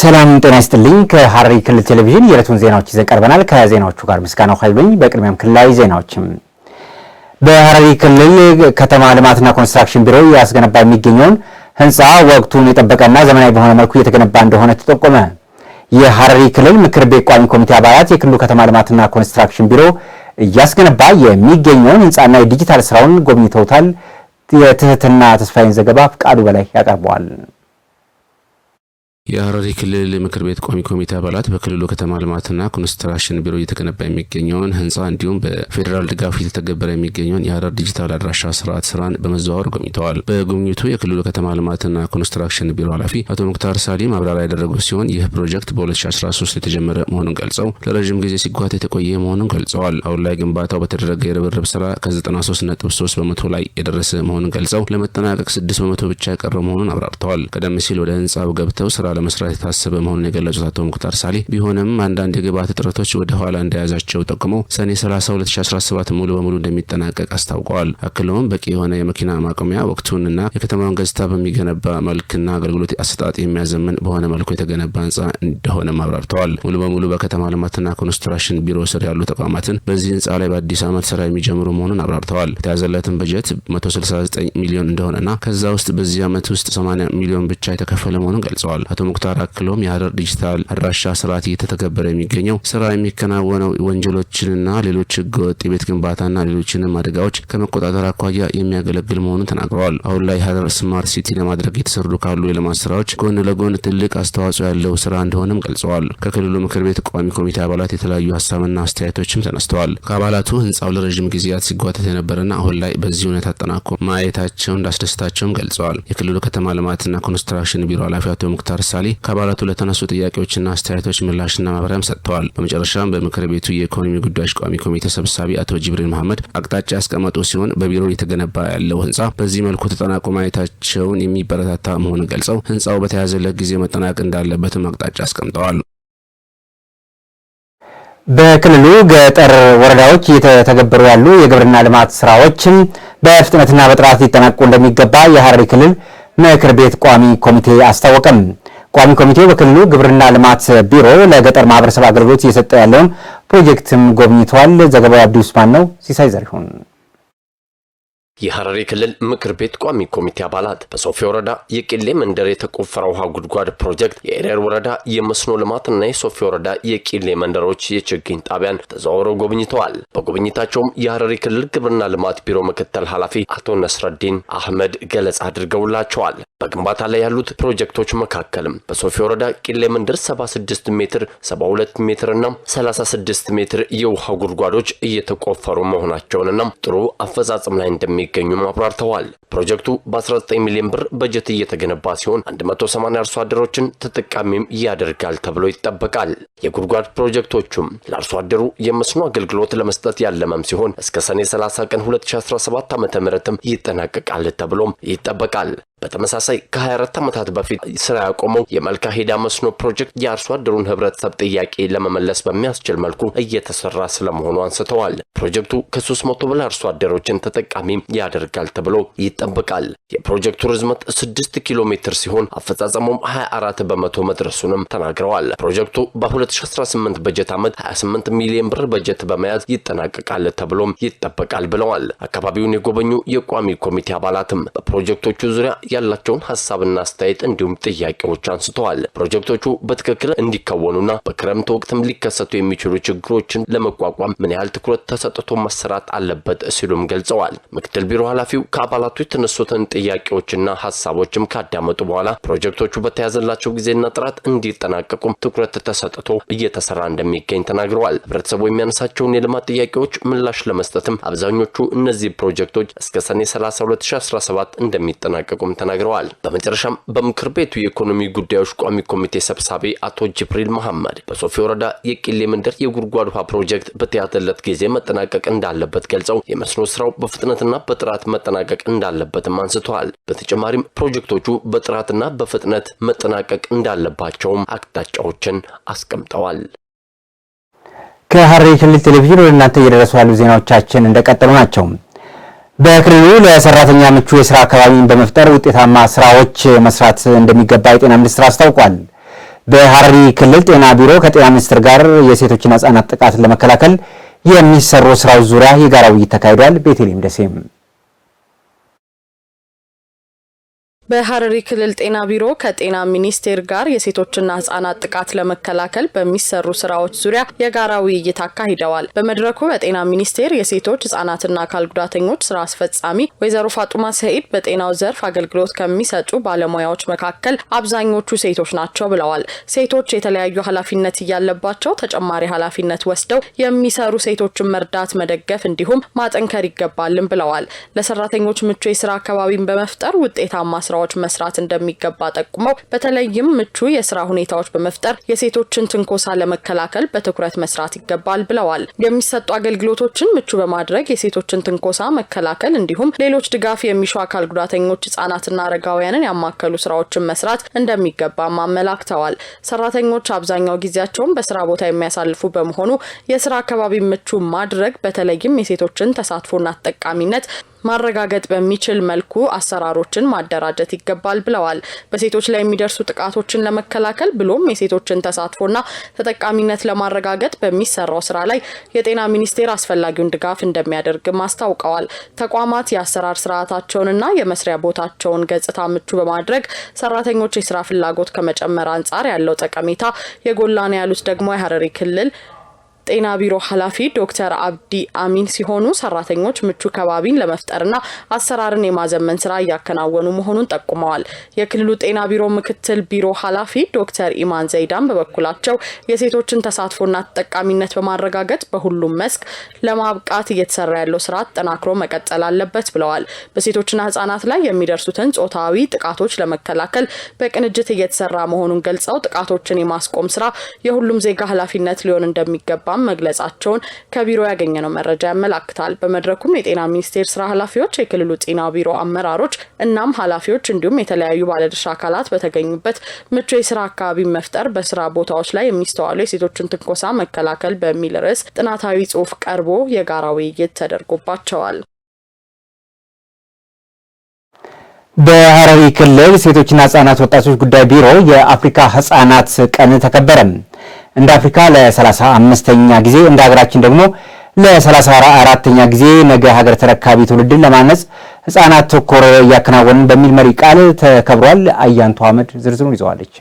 ሰላም ጤና ይስጥልኝ። ከሐረሪ ክልል ቴሌቪዥን የዕለቱን ዜናዎች ይዘን ቀርበናል። ከዜናዎቹ ጋር ምስጋናው ኃይሉኝ። በቅድሚያም ክልላዊ ዜናዎችም በሐረሪ ክልል ከተማ ልማትና ኮንስትራክሽን ቢሮ ያስገነባ የሚገኘውን ህንፃ ወቅቱን የጠበቀና ዘመናዊ በሆነ መልኩ እየተገነባ እንደሆነ ተጠቆመ። የሐረሪ ክልል ምክር ቤት ቋሚ ኮሚቴ አባላት የክልሉ ከተማ ልማትና ኮንስትራክሽን ቢሮ እያስገነባ የሚገኘውን ህንፃና የዲጂታል ስራውን ጎብኝተውታል። የትህትና ተስፋዬን ዘገባ ፍቃዱ በላይ ያቀርበዋል። የሐረሪ ክልል ምክር ቤት ቋሚ ኮሚቴ አባላት በክልሉ ከተማ ልማትና ኮንስትራክሽን ቢሮ እየተገነባ የሚገኘውን ህንፃ እንዲሁም በፌዴራል ድጋፍ እየተተገበረ የሚገኘውን የሐረር ዲጂታል አድራሻ ስርዓት ስራን በመዘዋወር ጎብኝተዋል። በጉብኝቱ የክልሉ ከተማ ልማትና ኮንስትራክሽን ቢሮ ኃላፊ አቶ ሙክታር ሳሊም ማብራሪያ ያደረጉ ሲሆን ይህ ፕሮጀክት በ2013 የተጀመረ መሆኑን ገልጸው ለረዥም ጊዜ ሲጓት የተቆየ መሆኑን ገልጸዋል። አሁን ላይ ግንባታው በተደረገ የርብርብ ስራ ከ93.3 በመቶ ላይ የደረሰ መሆኑን ገልጸው ለመጠናቀቅ 6 በመቶ ብቻ የቀረው መሆኑን አብራርተዋል። ቀደም ሲል ወደ ህንፃው ገብተው ስራ ለመስራት የታሰበ መሆኑን የገለጹት አቶ ሙክታር ሳሌ ቢሆንም አንዳንድ የግብዓት እጥረቶች ወደ ኋላ እንደያዛቸው ጠቁመው ሰኔ 30 2017 ሙሉ በሙሉ እንደሚጠናቀቅ አስታውቀዋል። አክለውም በቂ የሆነ የመኪና ማቆሚያ ወቅቱንና የከተማውን ገጽታ በሚገነባ መልክና አገልግሎት አሰጣጥ የሚያዘምን በሆነ መልኩ የተገነባ ህንጻ እንደሆነም አብራርተዋል። ሙሉ በሙሉ በከተማ ልማትና ኮንስትራክሽን ቢሮ ስር ያሉ ተቋማትን በዚህ ህንጻ ላይ በአዲስ ዓመት ስራ የሚጀምሩ መሆኑን አብራርተዋል። የተያዘለትን በጀት 169 ሚሊዮን እንደሆነና ከዛ ውስጥ በዚህ ዓመት ውስጥ 80 ሚሊዮን ብቻ የተከፈለ መሆኑን ገልጸዋል። አቶ ሙክታር አክሎም የሀረር ዲጂታል አድራሻ ስርዓት እየተተገበረ የሚገኘው ስራ የሚከናወነው ወንጀሎችንና ሌሎች ህገወጥ የቤት ግንባታና ሌሎችንም አደጋዎች ከመቆጣጠር አኳያ የሚያገለግል መሆኑን ተናግረዋል። አሁን ላይ ሀረር ስማርት ሲቲ ለማድረግ የተሰሩ ካሉ የልማት ስራዎች ጎን ለጎን ትልቅ አስተዋጽኦ ያለው ስራ እንደሆነም ገልጸዋል። ከክልሉ ምክር ቤት ቋሚ ኮሚቴ አባላት የተለያዩ ሀሳብና አስተያየቶችም ተነስተዋል። ከአባላቱ ህንጻው ለረዥም ጊዜያት ሲጓተት የነበረና አሁን ላይ በዚህ ሁኔታ አጠናቆ ማየታቸው እንዳስደስታቸውም ገልጸዋል። የክልሉ ከተማ ልማትና ኮንስትራክሽን ቢሮ ኃላፊ አቶ ሙክታር ሳ ሳሌ ከአባላቱ ለተነሱ ጥያቄዎችና አስተያየቶች ምላሽና ማብራሪያም ሰጥተዋል። በመጨረሻም በምክር ቤቱ የኢኮኖሚ ጉዳዮች ቋሚ ኮሚቴ ሰብሳቢ አቶ ጅብሪል መሐመድ አቅጣጫ ያስቀመጡ ሲሆን በቢሮ የተገነባ ያለው ህንፃ በዚህ መልኩ ተጠናቆ ማየታቸውን የሚበረታታ መሆኑን ገልጸው ህንፃው በተያዘለት ጊዜ መጠናቅ እንዳለበትም አቅጣጫ አስቀምጠዋል። በክልሉ ገጠር ወረዳዎች እየተተገበሩ ያሉ የግብርና ልማት ስራዎችም በፍጥነትና በጥራት ሊጠናቁ እንደሚገባ የሐረሪ ክልል ምክር ቤት ቋሚ ኮሚቴ አስታወቀም። ቋሚ ኮሚቴው በክልሉ ግብርና ልማት ቢሮ ለገጠር ማህበረሰብ አገልግሎት እየሰጠ ያለውን ፕሮጀክትም ጎብኝተዋል። ዘገባው አብዲ ነው። ሲሳይ ዘሪሁን የሐረሪ ክልል ምክር ቤት ቋሚ ኮሚቴ አባላት በሶፊ ወረዳ የቄሌ መንደር የተቆፈረ ውሃ ጉድጓድ ፕሮጀክት፣ የኤሬር ወረዳ የመስኖ ልማትና የሶፊ ወረዳ የቄሌ መንደሮች የችግኝ ጣቢያን ተዘዋውረው ጎብኝተዋል። በጉብኝታቸውም የሐረሪ ክልል ግብርና ልማት ቢሮ ምክትል ኃላፊ አቶ ነስረዲን አህመድ ገለጻ አድርገውላቸዋል። በግንባታ ላይ ያሉት ፕሮጀክቶች መካከልም በሶፊ ወረዳ ቂሌ መንደር 76 ሜትር፣ 72 ሜትር እና 36 ሜትር የውሃ ጉድጓዶች እየተቆፈሩ መሆናቸውንና ጥሩ አፈጻጸም ላይ እንደሚ እንደሚገኙም አብራርተዋል። ፕሮጀክቱ በ19 ሚሊዮን ብር በጀት እየተገነባ ሲሆን 180 አርሶ አደሮችን ተጠቃሚም ያደርጋል ተብሎ ይጠበቃል። የጉድጓድ ፕሮጀክቶቹም ለአርሶ አደሩ የመስኖ አገልግሎት ለመስጠት ያለመም ሲሆን እስከ ሰኔ 30 ቀን 2017 ዓ.ም ይጠናቀቃል ተብሎም ይጠበቃል። በተመሳሳይ ከ24 ዓመታት በፊት ስራ ያቆመው የመልካ ሄዳ መስኖ ፕሮጀክት የአርሶ አደሩን ህብረተሰብ ጥያቄ ለመመለስ በሚያስችል መልኩ እየተሰራ ስለመሆኑ አንስተዋል። ፕሮጀክቱ ከ300 በላይ አርሶ አደሮችን ተጠቃሚ ያደርጋል ተብሎ ይጠበቃል። የፕሮጀክቱ ርዝመት 6 ኪሎ ሜትር ሲሆን አፈጻጸሙም 24 በመቶ መድረሱንም ተናግረዋል። ፕሮጀክቱ በ2018 በጀት ዓመት 28 ሚሊዮን ብር በጀት በመያዝ ይጠናቀቃል ተብሎም ይጠበቃል ብለዋል። አካባቢውን የጎበኙ የቋሚ ኮሚቴ አባላትም በፕሮጀክቶቹ ዙሪያ ያላቸውን ሀሳብና አስተያየት እንዲሁም ጥያቄዎች አንስተዋል። ፕሮጀክቶቹ በትክክል እንዲከወኑና በክረምት ወቅትም ሊከሰቱ የሚችሉ ችግሮችን ለመቋቋም ምን ያህል ትኩረት ተሰጥቶ መሰራት አለበት ሲሉም ገልጸዋል። ምክትል ቢሮ ኃላፊው ከአባላቱ የተነሱትን ጥያቄዎችና ሀሳቦችም ካዳመጡ በኋላ ፕሮጀክቶቹ በተያዘላቸው ጊዜና ጥራት እንዲጠናቀቁም ትኩረት ተሰጥቶ እየተሰራ እንደሚገኝ ተናግረዋል። ህብረተሰቡ የሚያነሳቸውን የልማት ጥያቄዎች ምላሽ ለመስጠትም አብዛኞቹ እነዚህ ፕሮጀክቶች እስከ ሰኔ 30 2017 እንደሚጠናቀቁም ተናግረዋል። በመጨረሻም በምክር ቤቱ የኢኮኖሚ ጉዳዮች ቋሚ ኮሚቴ ሰብሳቢ አቶ ጅብሪል መሐመድ በሶፊ ወረዳ የቂሌ መንደር የጉድጓድ ውሃ ፕሮጀክት በተያዘለት ጊዜ መጠናቀቅ እንዳለበት ገልጸው የመስኖ ስራው በፍጥነትና በጥራት መጠናቀቅ እንዳለበትም አንስተዋል። በተጨማሪም ፕሮጀክቶቹ በጥራትና በፍጥነት መጠናቀቅ እንዳለባቸውም አቅጣጫዎችን አስቀምጠዋል። ከሐረሪ ክልል ቴሌቪዥን ወደ እናንተ እየደረሱ ያሉ ዜናዎቻችን እንደቀጠሉ ናቸው። በክልሉ ለሰራተኛ ምቹ የስራ አካባቢን በመፍጠር ውጤታማ ስራዎች መስራት እንደሚገባ የጤና ሚኒስትር አስታውቋል። በሐረሪ ክልል ጤና ቢሮ ከጤና ሚኒስትር ጋር የሴቶችና ህጻናት ጥቃትን ለመከላከል የሚሰሩ ስራዎች ዙሪያ የጋራ ውይይት ተካሂዷል። ቤተልሔም ደሴም በሐረሪ ክልል ጤና ቢሮ ከጤና ሚኒስቴር ጋር የሴቶችና ህጻናት ጥቃት ለመከላከል በሚሰሩ ስራዎች ዙሪያ የጋራ ውይይት አካሂደዋል። በመድረኩ በጤና ሚኒስቴር የሴቶች ህጻናትና አካል ጉዳተኞች ስራ አስፈጻሚ ወይዘሮ ፋጡማ ሰኢድ በጤናው ዘርፍ አገልግሎት ከሚሰጡ ባለሙያዎች መካከል አብዛኞቹ ሴቶች ናቸው ብለዋል። ሴቶች የተለያዩ ኃላፊነት እያለባቸው ተጨማሪ ኃላፊነት ወስደው የሚሰሩ ሴቶችን መርዳት፣ መደገፍ እንዲሁም ማጠንከር ይገባልን ብለዋል። ለሰራተኞች ምቹ የስራ አካባቢን በመፍጠር ውጤታማ ስራ ስራዎች መስራት እንደሚገባ ጠቁመው በተለይም ምቹ የስራ ሁኔታዎች በመፍጠር የሴቶችን ትንኮሳ ለመከላከል በትኩረት መስራት ይገባል ብለዋል። የሚሰጡ አገልግሎቶችን ምቹ በማድረግ የሴቶችን ትንኮሳ መከላከል እንዲሁም ሌሎች ድጋፍ የሚሹ አካል ጉዳተኞች፣ ህጻናትና አረጋውያንን ያማከሉ ስራዎችን መስራት እንደሚገባም አመላክተዋል። ሰራተኞች አብዛኛው ጊዜያቸውን በስራ ቦታ የሚያሳልፉ በመሆኑ የስራ አካባቢ ምቹ ማድረግ በተለይም የሴቶችን ተሳትፎና ተጠቃሚነት ማረጋገጥ በሚችል መልኩ አሰራሮችን ማደራጀት ይገባል ብለዋል። በሴቶች ላይ የሚደርሱ ጥቃቶችን ለመከላከል ብሎም የሴቶችን ተሳትፎና ተጠቃሚነት ለማረጋገጥ በሚሰራው ስራ ላይ የጤና ሚኒስቴር አስፈላጊውን ድጋፍ እንደሚያደርግም አስታውቀዋል። ተቋማት የአሰራር ስርዓታቸውንና የመስሪያ ቦታቸውን ገጽታ ምቹ በማድረግ ሰራተኞች የስራ ፍላጎት ከመጨመር አንጻር ያለው ጠቀሜታ የጎላ ነው ያሉት ደግሞ የሀረሪ ክልል ጤና ቢሮ ኃላፊ ዶክተር አብዲ አሚን ሲሆኑ ሰራተኞች ምቹ ከባቢን ለመፍጠርና አሰራርን የማዘመን ስራ እያከናወኑ መሆኑን ጠቁመዋል። የክልሉ ጤና ቢሮ ምክትል ቢሮ ኃላፊ ዶክተር ኢማን ዘይዳን በበኩላቸው የሴቶችን ተሳትፎና ተጠቃሚነት በማረጋገጥ በሁሉም መስክ ለማብቃት እየተሰራ ያለው ስራ ጠናክሮ መቀጠል አለበት ብለዋል። በሴቶችና ህጻናት ላይ የሚደርሱትን ጾታዊ ጥቃቶች ለመከላከል በቅንጅት እየተሰራ መሆኑን ገልጸው ጥቃቶችን የማስቆም ስራ የሁሉም ዜጋ ኃላፊነት ሊሆን እንደሚገባ እንደሚሰራም መግለጻቸውን ከቢሮ ያገኘነው መረጃ ያመላክታል። በመድረኩም የጤና ሚኒስቴር ስራ ኃላፊዎች፣ የክልሉ ጤና ቢሮ አመራሮች እናም ኃላፊዎች እንዲሁም የተለያዩ ባለድርሻ አካላት በተገኙበት ምቹ የስራ አካባቢ መፍጠር፣ በስራ ቦታዎች ላይ የሚስተዋሉ የሴቶችን ትንኮሳ መከላከል በሚል ርዕስ ጥናታዊ ጽሑፍ ቀርቦ የጋራ ውይይት ተደርጎባቸዋል። በሐረሪ ክልል ሴቶችና ህጻናት ወጣቶች ጉዳይ ቢሮ የአፍሪካ ህጻናት ቀን ተከበረም። እንደ አፍሪካ ለሰላሳ አምስተኛ ጊዜ እንደ ሀገራችን ደግሞ ለሰላሳ አራተኛ ጊዜ ነገ ሀገር ተረካቢ ትውልድን ለማነጽ ህጻናት ተኮር እያከናወንን በሚል መሪ ቃል ተከብሯል። አያንቱ አህመድ ዝርዝሩን ይዘዋለች።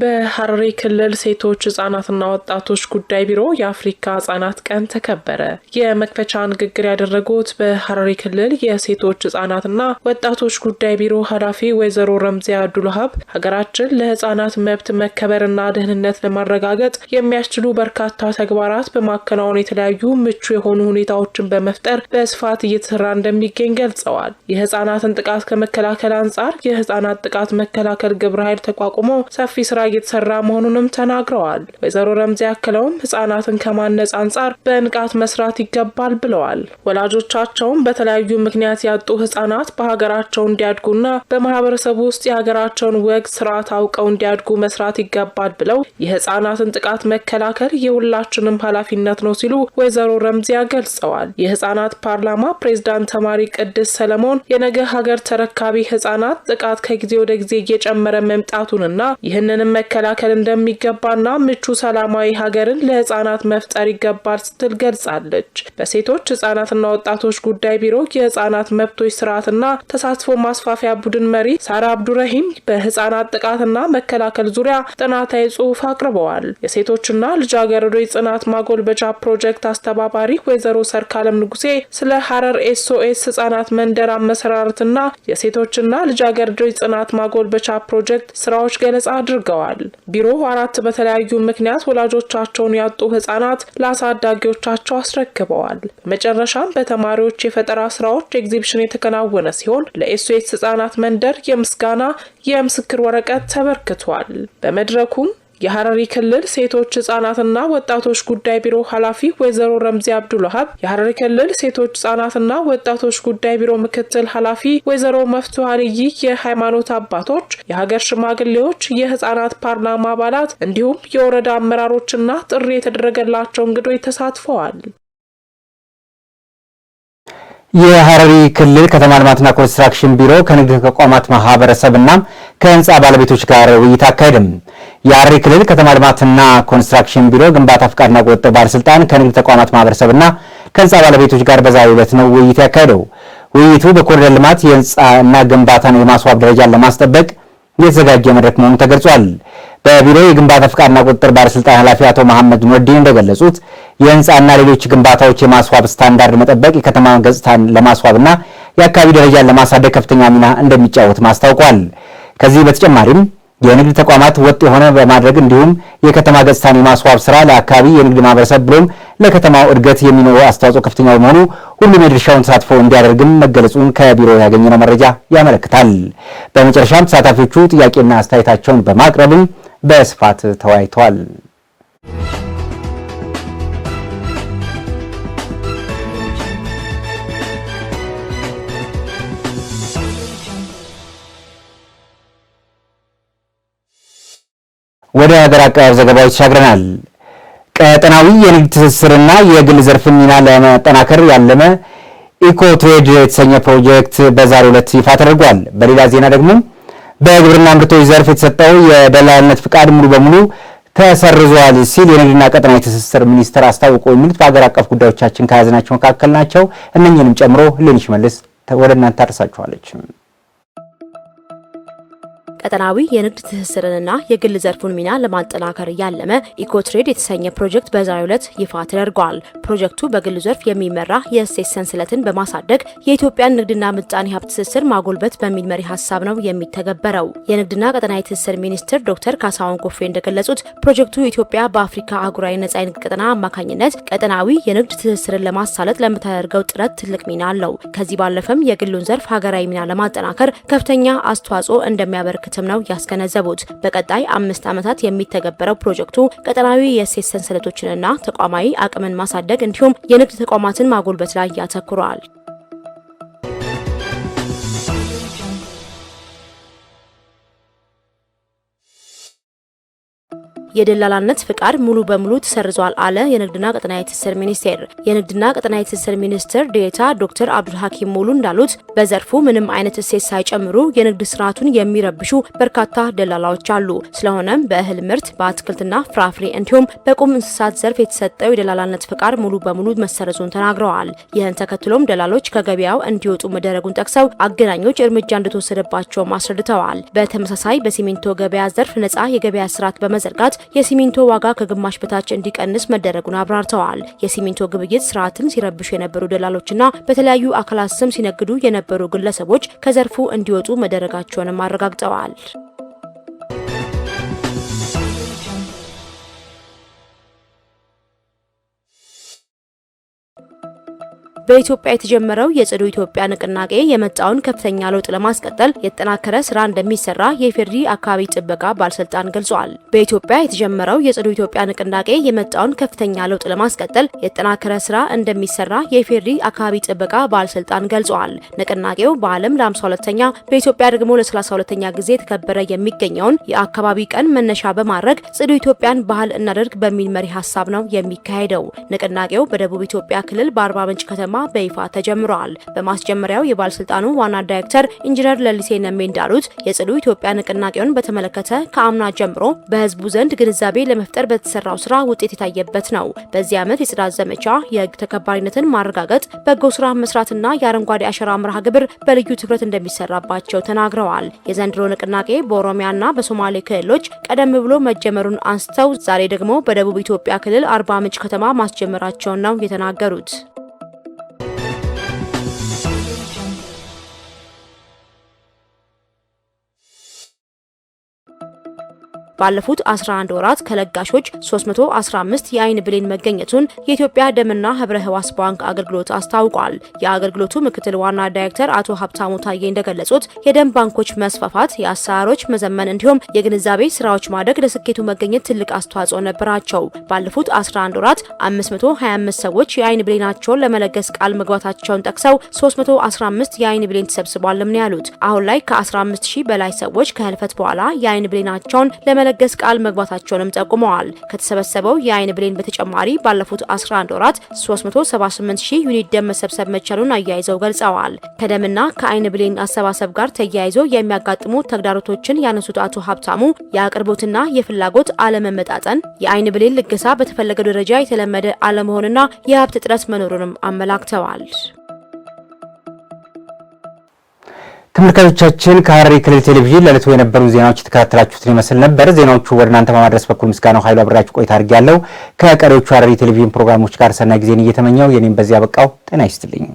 በሐረሪ ክልል ሴቶች ህጻናትና ወጣቶች ጉዳይ ቢሮ የአፍሪካ ህጻናት ቀን ተከበረ። የመክፈቻ ንግግር ያደረጉት በሐረሪ ክልል የሴቶች ህጻናትና ወጣቶች ጉዳይ ቢሮ ኃላፊ ወይዘሮ ረምዚያ አብዱልሀብ ሀገራችን ለህጻናት መብት መከበርና ደህንነት ለማረጋገጥ የሚያስችሉ በርካታ ተግባራት በማከናወን የተለያዩ ምቹ የሆኑ ሁኔታዎችን በመፍጠር በስፋት እየተሰራ እንደሚገኝ ገልጸዋል። የህጻናትን ጥቃት ከመከላከል አንጻር የህጻናት ጥቃት መከላከል ግብረ ኃይል ተቋቁሞ ሰፊ ስራ እየተሰራ መሆኑንም ተናግረዋል። ወይዘሮ ረምዚ ያክለውም ህጻናትን ከማነጽ አንጻር በንቃት መስራት ይገባል ብለዋል። ወላጆቻቸውም በተለያዩ ምክንያት ያጡ ህጻናት በሀገራቸው እንዲያድጉና በማህበረሰቡ ውስጥ የሀገራቸውን ወግ ስርዓት አውቀው እንዲያድጉ መስራት ይገባል ብለው የህጻናትን ጥቃት መከላከል የሁላችንም ኃላፊነት ነው ሲሉ ወይዘሮ ረምዚያ ገልጸዋል። የህጻናት ፓርላማ ፕሬዝዳንት ተማሪ ቅድስ ሰለሞን የነገ ሀገር ተረካቢ ህጻናት ጥቃት ከጊዜ ወደ ጊዜ እየጨመረ መምጣቱንና ይህንንም መከላከል እንደሚገባና ምቹ ሰላማዊ ሀገርን ለህጻናት መፍጠር ይገባል ስትል ገልጻለች። በሴቶች ህጻናትና ወጣቶች ጉዳይ ቢሮ የህጻናት መብቶች ስርዓትና ተሳትፎ ማስፋፊያ ቡድን መሪ ሳራ አብዱረሂም በህጻናት ጥቃትና መከላከል ዙሪያ ጥናታዊ ጽሑፍ አቅርበዋል። የሴቶችና ልጃገረዶች ጽናት ማጎልበቻ ፕሮጀክት አስተባባሪ ወይዘሮ ሰርካለም ንጉሴ ስለ ሀረር ኤስኦኤስ ህጻናት መንደር አመሰራረትና የሴቶችና ልጃገረዶች ጽናት ማጎልበቻ ፕሮጀክት ስራዎች ገለጻ አድርገዋል። ገልጸዋል። ቢሮው አራት በተለያዩ ምክንያት ወላጆቻቸውን ያጡ ህጻናት ለአሳዳጊዎቻቸው አስረክበዋል። በመጨረሻም በተማሪዎች የፈጠራ ስራዎች ኤግዚቢሽን የተከናወነ ሲሆን ለኤስኤስ ህጻናት መንደር የምስጋና የምስክር ወረቀት ተበርክቷል። በመድረኩም የሐረሪ ክልል ሴቶች ህጻናትና ወጣቶች ጉዳይ ቢሮ ኃላፊ ወይዘሮ ረምዚ አብዱልሀብ፣ የሐረሪ ክልል ሴቶች ህጻናትና ወጣቶች ጉዳይ ቢሮ ምክትል ኃላፊ ወይዘሮ መፍቱ አልይ፣ የሃይማኖት አባቶች፣ የሀገር ሽማግሌዎች፣ የህጻናት ፓርላማ አባላት እንዲሁም የወረዳ አመራሮችና ጥሪ የተደረገላቸው እንግዶች ተሳትፈዋል። የሐረሪ ክልል ከተማ ልማትና ኮንስትራክሽን ቢሮ ከንግድ ተቋማት ማህበረሰብና ከህንፃ ባለቤቶች ጋር ውይይት አካሄድም። የሐረሪ ክልል ከተማ ልማትና ኮንስትራክሽን ቢሮ ግንባታ ፍቃድና ቁጥጥር ባለስልጣን ከንግድ ተቋማት ማህበረሰብና ከህንፃ ባለቤቶች ጋር በዛሬው ዕለት ነው ውይይት ያካሄደው። ውይይቱ በኮሪደር ልማት የህንፃና ግንባታን የማስዋብ ደረጃን ለማስጠበቅ የተዘጋጀ መድረክ መሆኑ ተገልጿል። በቢሮ የግንባታ ፍቃድና ቁጥጥር ባለስልጣን ኃላፊ አቶ መሐመድ ኑረዲን እንደገለጹት የህንፃና ሌሎች ግንባታዎች የማስዋብ ስታንዳርድ መጠበቅ የከተማን ገጽታን ለማስዋብና የአካባቢ ደረጃን ለማሳደግ ከፍተኛ ሚና እንደሚጫወት ማስታውቋል። ከዚህ በተጨማሪም የንግድ ተቋማት ወጥ የሆነ በማድረግ እንዲሁም የከተማ ገጽታን የማስዋብ ስራ ለአካባቢ የንግድ ማህበረሰብ ብሎም ለከተማው እድገት የሚኖረው አስተዋጽኦ ከፍተኛ በመሆኑ ሁሉም የድርሻውን ተሳትፎ እንዲያደርግም መገለጹን ከቢሮ ያገኘነው መረጃ ያመለክታል። በመጨረሻም ተሳታፊዎቹ ጥያቄና አስተያየታቸውን በማቅረብም በስፋት ተወያይተዋል። ወደ ሀገር አቀፍ ዘገባዎች ተሻግረናል። ቀጠናዊ የንግድ ትስስርና የግል ዘርፍ ሚና ለመጠናከር ያለመ ኢኮትሬድ የተሰኘ ፕሮጀክት በዛሬው ዕለት ይፋ ተደርጓል። በሌላ ዜና ደግሞ በግብርና ምርቶች ዘርፍ የተሰጠው የደላልነት ፍቃድ ሙሉ በሙሉ ተሰርዟል ሲል የንግድና ቀጠናዊ ትስስር ሚኒስቴር አስታውቆ የሚሉት በሀገር አቀፍ ጉዳዮቻችን ከያዝናቸው መካከል ናቸው። እነኝንም ጨምሮ ሌንሽ መልስ ወደ እናንተ ታደርሳችኋለች። ቀጠናዊ የንግድ ትስስርንና የግል ዘርፉን ሚና ለማጠናከር ያለመ ኢኮትሬድ የተሰኘ ፕሮጀክት በዛሬው ዕለት ይፋ ተደርጓል። ፕሮጀክቱ በግል ዘርፍ የሚመራ የእሴት ሰንሰለትን በማሳደግ የኢትዮጵያን ንግድና ምጣኔ ሀብት ትስስር ማጎልበት በሚል መሪ ሀሳብ ነው የሚተገበረው። የንግድና ቀጠናዊ ትስስር ሚኒስትር ዶክተር ካሳሁን ጎፌ እንደገለጹት ፕሮጀክቱ ኢትዮጵያ በአፍሪካ አህጉራዊ ነጻ የንግድ ቀጠና አማካኝነት ቀጠናዊ የንግድ ትስስርን ለማሳለጥ ለምታደርገው ጥረት ትልቅ ሚና አለው። ከዚህ ባለፈም የግሉን ዘርፍ ሀገራዊ ሚና ለማጠናከር ከፍተኛ አስተዋጽኦ እንደሚያበረክት እንደሚያካትትም ነው ያስገነዘቡት። በቀጣይ አምስት ዓመታት የሚተገበረው ፕሮጀክቱ ቀጠናዊ የእሴት ሰንሰለቶችንና ተቋማዊ አቅምን ማሳደግ እንዲሁም የንግድ ተቋማትን ማጎልበት ላይ ያተኩረዋል። የደላላነት ፍቃድ ሙሉ በሙሉ ተሰርዟል አለ የንግድና ቀጠናዊ ትስስር ሚኒስቴር። የንግድና ቀጠናዊ ትስስር ሚኒስትር ዴኤታ ዶክተር አብዱልሐኪም ሙሉ እንዳሉት በዘርፉ ምንም አይነት እሴት ሳይጨምሩ የንግድ ስርዓቱን የሚረብሹ በርካታ ደላላዎች አሉ። ስለሆነም በእህል ምርት፣ በአትክልትና ፍራፍሬ እንዲሁም በቁም እንስሳት ዘርፍ የተሰጠው የደላላነት ፍቃድ ሙሉ በሙሉ መሰረዙን ተናግረዋል። ይህን ተከትሎም ደላሎች ከገበያው እንዲወጡ መደረጉን ጠቅሰው አገናኞች እርምጃ እንደተወሰደባቸውም አስረድተዋል። በተመሳሳይ በሲሚንቶ ገበያ ዘርፍ ነጻ የገበያ ስርዓት በመዘርጋት የሲሚንቶ ዋጋ ከግማሽ በታች እንዲቀንስ መደረጉን አብራርተዋል። የሲሚንቶ ግብይት ስርዓትን ሲረብሹ የነበሩ ደላሎችና በተለያዩ አካላት ስም ሲነግዱ የነበሩ ግለሰቦች ከዘርፉ እንዲወጡ መደረጋቸውንም አረጋግጠዋል። በኢትዮጵያ የተጀመረው የጽዱ ኢትዮጵያ ንቅናቄ የመጣውን ከፍተኛ ለውጥ ለማስቀጠል የተጠናከረ ስራ እንደሚሰራ የኢፌዴሪ አካባቢ ጥበቃ ባለስልጣን ገልጿል። በኢትዮጵያ የተጀመረው የጽዱ ኢትዮጵያ ንቅናቄ የመጣውን ከፍተኛ ለውጥ ለማስቀጠል የተጠናከረ ስራ እንደሚሰራ የኢፌዴሪ አካባቢ ጥበቃ ባለስልጣን ገልጿል። ንቅናቄው በዓለም ለ52ኛ በኢትዮጵያ ደግሞ ለ32ኛ ጊዜ የተከበረ የሚገኘውን የአካባቢ ቀን መነሻ በማድረግ ጽዱ ኢትዮጵያን ባህል እናደርግ በሚል መሪ ሀሳብ ነው የሚካሄደው። ንቅናቄው በደቡብ ኢትዮጵያ ክልል በአርባ ምንጭ ከተማ ፊርማ በይፋ ተጀምረዋል። በማስጀመሪያው የባለስልጣኑ ዋና ዳይሬክተር ኢንጂነር ለሊሴ ነሜ እንዳሉት የጽዱ ኢትዮጵያ ንቅናቄውን በተመለከተ ከአምና ጀምሮ በህዝቡ ዘንድ ግንዛቤ ለመፍጠር በተሰራው ስራ ውጤት የታየበት ነው። በዚህ ዓመት የጽዳት ዘመቻ የህግ ተከባሪነትን ማረጋገጥ፣ በጎ ስራ መስራትና የአረንጓዴ አሸራ መርሃ ግብር በልዩ ትኩረት እንደሚሰራባቸው ተናግረዋል። የዘንድሮ ንቅናቄ በኦሮሚያና በሶማሌ ክልሎች ቀደም ብሎ መጀመሩን አንስተው ዛሬ ደግሞ በደቡብ ኢትዮጵያ ክልል አርባ ምንጭ ከተማ ማስጀመራቸውን ነው የተናገሩት። ባለፉት 11 ወራት ከለጋሾች 315 የአይን ብሌን መገኘቱን የኢትዮጵያ ደምና ህብረ ህዋስ ባንክ አገልግሎት አስታውቋል። የአገልግሎቱ ምክትል ዋና ዳይሬክተር አቶ ሀብታሙ ታዬ እንደገለጹት የደም ባንኮች መስፋፋት፣ የአሰራሮች መዘመን እንዲሁም የግንዛቤ ስራዎች ማድረግ ለስኬቱ መገኘት ትልቅ አስተዋጽኦ ነበራቸው። ባለፉት 11 ወራት 525 ሰዎች የአይን ብሌናቸውን ለመለገስ ቃል መግባታቸውን ጠቅሰው 315 የአይን ብሌን ተሰብስቧልም ነው ያሉት። አሁን ላይ ከ15000 በላይ ሰዎች ከህልፈት በኋላ የአይን ብሌናቸውን ለመ ለመለገስ ቃል መግባታቸውንም ጠቁመዋል። ከተሰበሰበው የአይን ብሌን በተጨማሪ ባለፉት 11 ወራት 378 ሺህ ዩኒት ደም መሰብሰብ መቻሉን አያይዘው ገልጸዋል። ከደምና ከአይን ብሌን አሰባሰብ ጋር ተያይዞ የሚያጋጥሙ ተግዳሮቶችን ያነሱት አቶ ሀብታሙ የአቅርቦትና የፍላጎት አለመመጣጠን፣ የአይን ብሌን ልገሳ በተፈለገ ደረጃ የተለመደ አለመሆንና የሀብት እጥረት መኖሩንም አመላክተዋል። ተመልካቾቻችን ከሐረሪ ክልል ቴሌቪዥን ለዕለቱ የነበሩ ዜናዎች የተከታተላችሁትን ይመስል ነበር። ዜናዎቹ ወደ እናንተ በማድረስ በኩል ምስጋናው ኃይሉ አብራችሁ ቆይታ አድርጌያለሁ። ከቀሪዎቹ ሐረሪ ቴሌቪዥን ፕሮግራሞች ጋር ሰናይ ጊዜን እየተመኘው የኔም በዚያ በቃው። ጤና ይስጥልኝ።